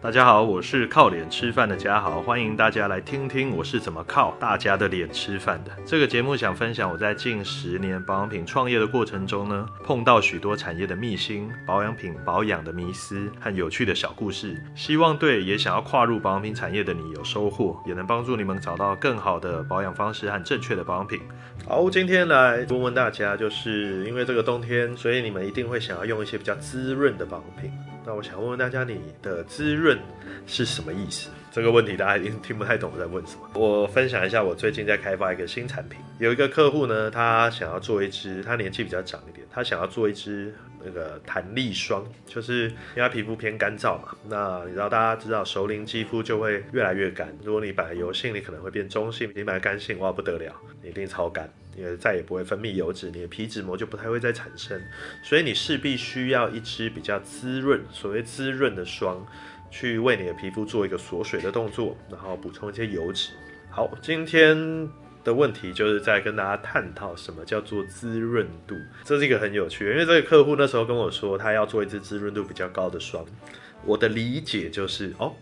大家好，我是靠臉吃飯的嘉豪，歡迎大家來聽聽我是怎麼靠大家的臉吃飯的。這個節目想分享我在近十年保養品創業的過程中呢，碰到許多產業的秘辛、保養品保養的迷思和有趣的小故事，希望對也想要跨入保養品產業的你有收穫，也能幫助你們找到更好的保養方式和正確的保養品。好，今天來問問大家，就是因為這個冬天，所以你們一定會想要用一些比較滋潤的保養品。那我想問問大家，你的滋潤是什麼意思？這個問題大家已經聽不太懂我在問什麼。我分享一下，我最近在開發一個新產品。有一個客戶呢，他想要做一支，他年紀比較長一點，他想要做一支那個彈力霜，就是因為他皮膚偏乾燥嘛。那你知道，大家知道，熟齡肌膚就會越來越乾。如果你本來油性，你可能會變中性；你買乾性，哇，不得了，你一定超乾。你的再也不會分泌油脂，你的皮脂膜就不太會再產生，所以你勢必需要一支比較滋潤，所謂滋潤的霜，去為你的皮膚做一個鎖水的動作，然後補充一些油脂。好，今天的問題就是在跟大家探討什麼叫做滋潤度。這是一個很有趣，因為這個客戶那時候跟我說他要做一支滋潤度比較高的霜，我的理解就是哦，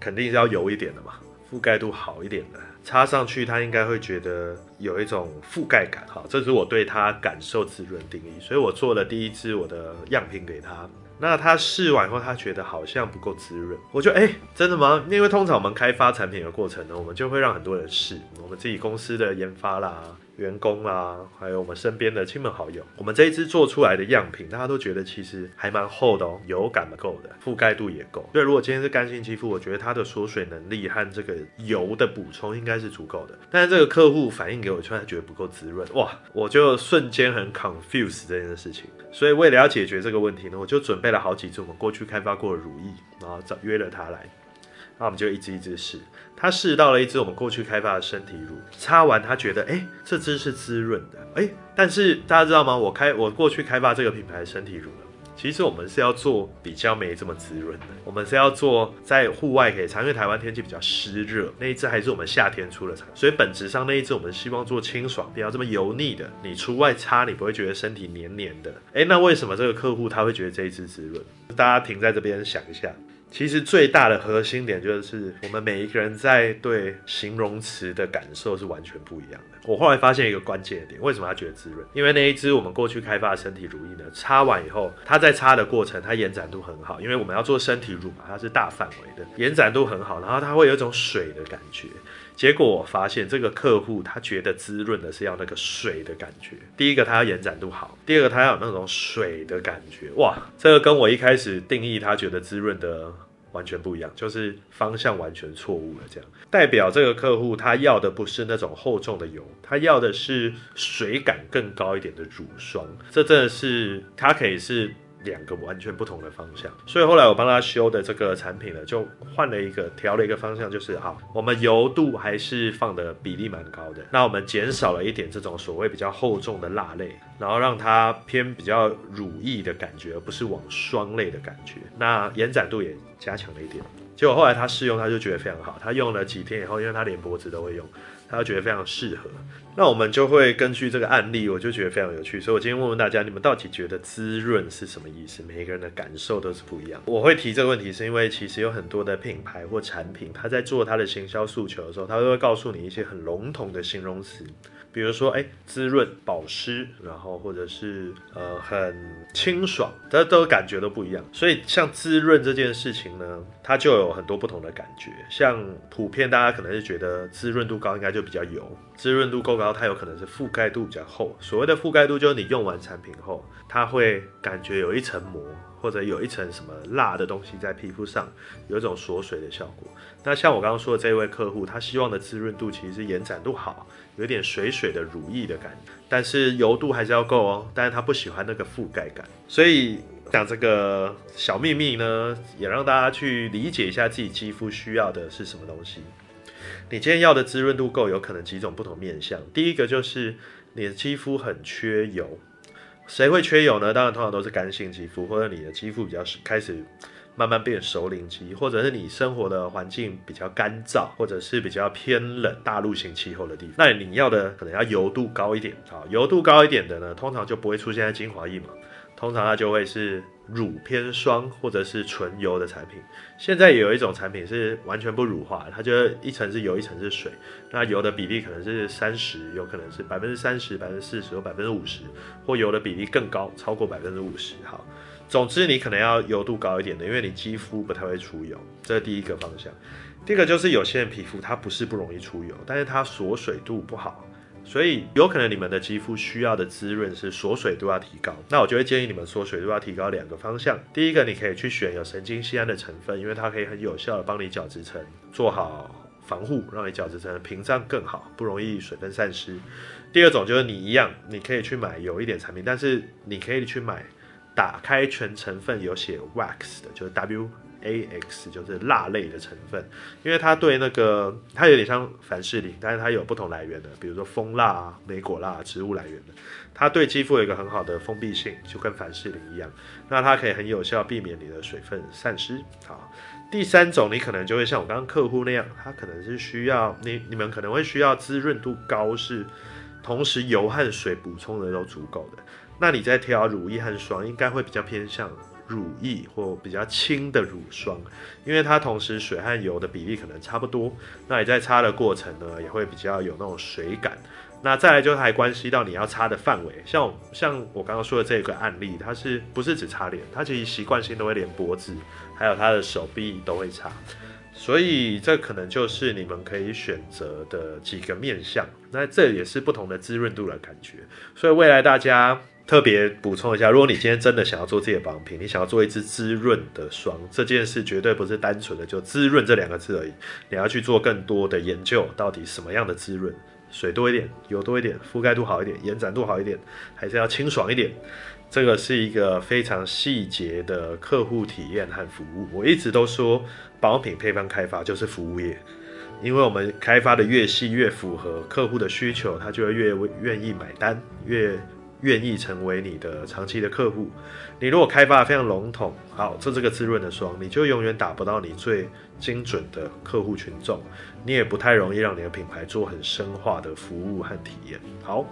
肯定是要油一點的嘛。覆蓋度好一點的，擦上去他應該會覺得有一種覆蓋感哈。這是我對他感受滋潤定義，所以我做了第一支我的樣品給他。那他試完以後，他覺得好像不夠滋潤。我就哎、欸，真的嗎？因為通常我們開發產品的過程呢，我們就會讓很多人試，我們自己公司的研發啦。員工啦、啊，還有我們身邊的親朋好友，我們這一支做出來的樣品，大家都覺得其實還蠻厚的哦，油感夠的，覆蓋度也夠。所以如果今天是乾性肌膚，我覺得它的鎖水能力和這個油的補充應該是足夠的。但是這個客戶反映給我，卻覺得不夠滋潤哇，我就瞬間很 confuse 這件事情。所以為了要解決這個問題呢，我就準備了好幾支我們過去開發過的乳液，然後找約了他來。那我們就一支一支試，他試到了一支我們過去開發的身體乳，擦完他覺得，哎，這支是滋潤的，哎，但是大家知道嗎？我開我過去開發這個品牌的身體乳，其實我們是要做比較沒這麼滋潤的，我們是要做在戶外可以擦，因為台灣天氣比較濕熱，那一支還是我們夏天出的茶，所以本質上那一支我們希望做清爽，不要這麼油膩的，你出外擦你不會覺得身體黏黏的，哎，那為什麼這個客戶他會覺得這一支滋潤？大家停在這邊想一下。其實最大的核心點就是，我們每一個人在對形容詞的感受是完全不一樣的。我後來發現一個關鍵點，為什麼他覺得滋潤？因為那一支我們過去開發的身體乳液呢，擦完以後，它在擦的過程，它延展度很好，因為我們要做身體乳嘛，它是大範圍的，延展度很好，然後它會有一種水的感覺。結果我發現這個客戶他覺得滋潤的是要那個水的感覺，第一個他要延展度好，第二個他要有那種水的感覺，哇，這個跟我一開始定義他覺得滋潤的完全不一樣，就是方向完全錯誤了，這樣代表這個客戶他要的不是那種厚重的油，他要的是水感更高一點的乳霜，這真的是他可以是。兩個完全不同的方向，所以後來我幫他修的這個產品呢，就換了一個，調了一個方向，就是，好，我們油度還是放的比例蠻高的，那我們減少了一點這種所謂比較厚重的蠟類，然後讓它偏比較乳液的感覺，而不是往霜類的感覺，那延展度也加強了一點。結果後來他試用，他就覺得非常好。他用了幾天以後，因為他連脖子都會用，他就覺得非常適合。那我們就會根據這個案例，我就覺得非常有趣。所以我今天問問大家，你們到底覺得滋潤是什麼意思？每一個人的感受都是不一樣。我會提這個問題，是因為其實有很多的品牌或產品，他在做他的行銷訴求的時候，他都會告訴你一些很籠統的形容詞，比如說哎、欸、滋潤、保濕，然後或者是呃很清爽，這都感覺都不一樣。所以像滋潤這件事情呢，它就有。有很多不同的感覺，像普遍大家可能是覺得滋潤度高，應該就比較油；滋潤度夠高，它有可能是覆蓋度比較厚。所謂的覆蓋度，就是你用完產品後，它會感覺有一層膜，或者有一層什麼蠟的東西在皮膚上，有一種鎖水的效果。那像我剛剛說的這位客戶，他希望的滋潤度其實延展度好，有點水水的乳液的感覺，但是油度還是要夠哦。但是他不喜歡那個覆蓋感，所以。講這個小祕密呢，也讓大家去理解一下自己肌膚需要的是什麼東西。你今天要的滋潤度夠，有可能幾種不同面向。第一個就是你的肌膚很缺油，誰會缺油呢？當然通常都是乾性肌膚，或者你的肌膚比較開始慢慢變熟齡肌，或者是你生活的環境比較乾燥，或者是比較偏冷大陸型氣候的地方。那你要的可能要油度高一點，好，油度高一點的呢，通常就不會出現在精華液嘛。通常它就會是乳偏霜，或者是純油的產品。現在也有一種產品是完全不乳化，它就一層是油，一層是水。那油的比例可能就是三十，有可能是百分之三十、百分之四十或百分之五十，或油的比例更高，超過百分之五十。好，總之你可能要油度高一點的，因為你肌膚不太會出油。這是第一個方向。第二個就是有些人皮膚它不是不容易出油，但是它鎖水度不好。所以有可能你們的肌膚需要的滋潤是鎖水度要提高，那我就會建議你們鎖水度要提高兩個方向。第一個，你可以去選有神經酰胺的成分，因為它可以很有效的幫你角質層做好防護，讓你角質層屏障更好，不容易水分散失。第二種就是你一樣，你可以去買有一點產品，但是你可以去買打開全成分有寫 wax 的，就是 W。A X 就是蠟類的成分，因為它對那個它有點像凡士林，但是它有不同來源的，比如說蜂蠟啊、莓果蠟、植物來源的，它對肌膚有一個很好的封閉性，就跟凡士林一樣。那它可以很有效避免你的水分散失。好，第三種你可能就會像我剛剛客戶那樣，它可能是需要你你們可能會需要滋潤度高，是同時油和水補充的都足夠的。那你在挑乳液和霜應該會比較偏向，乳液或比較輕的乳霜，因為它同時水和油的比例可能差不多，那你在擦的過程呢，也會比較有那種水感。那再來就還關係到你要擦的範圍，像像我剛剛說的這個案例，它是不是只擦臉？它其實習慣性都會連脖子，還有它的手臂都會擦，所以這可能就是你們可以選擇的幾個面向。那這也是不同的滋潤度的感覺，所以未來大家。特別補充一下，如果你今天真的想要做這些保養品，你想要做一支滋潤的霜，這件事絕對不是單純的就滋潤這兩個字而已，你要去做更多的研究，到底什麼樣的滋潤，水多一點，油多一點，覆蓋度好一點，延展度好一點，還是要清爽一點，這個是一個非常細節的客戶體驗和服務。我一直都說，保養品配方開發就是服務業，因為我們開發的越細越符合客戶的需求，他就會越願意買單，越。願意成為你的長期的客戶，你如果開發非常籠統，好，做這個滋潤的霜，你就永遠打不到你最精準的客戶群眾，你也不太容易讓你的品牌做很深化的服務和體驗。好，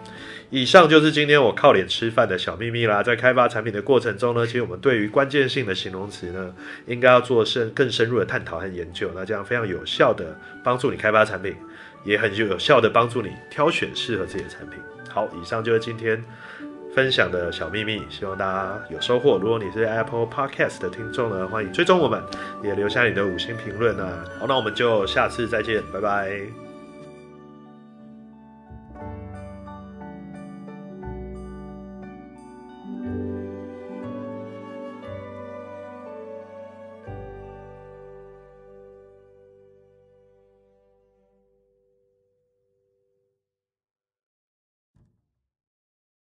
以上就是今天我靠臉吃飯的小秘密啦。在開發產品的過程中呢，其實我們對於關鍵性的形容詞呢，應該要做深更深入的探討和研究，那這樣非常有效的幫助你開發產品，也很有效的幫助你挑選適合自己的產品。好，以上就是今天分享的小祕密，希望大家有收穫。如果你是 Apple Podcast 的聽眾呢，歡迎追蹤我們，也留下你的五星評論呢、啊。好，那我們就下次再見，拜拜。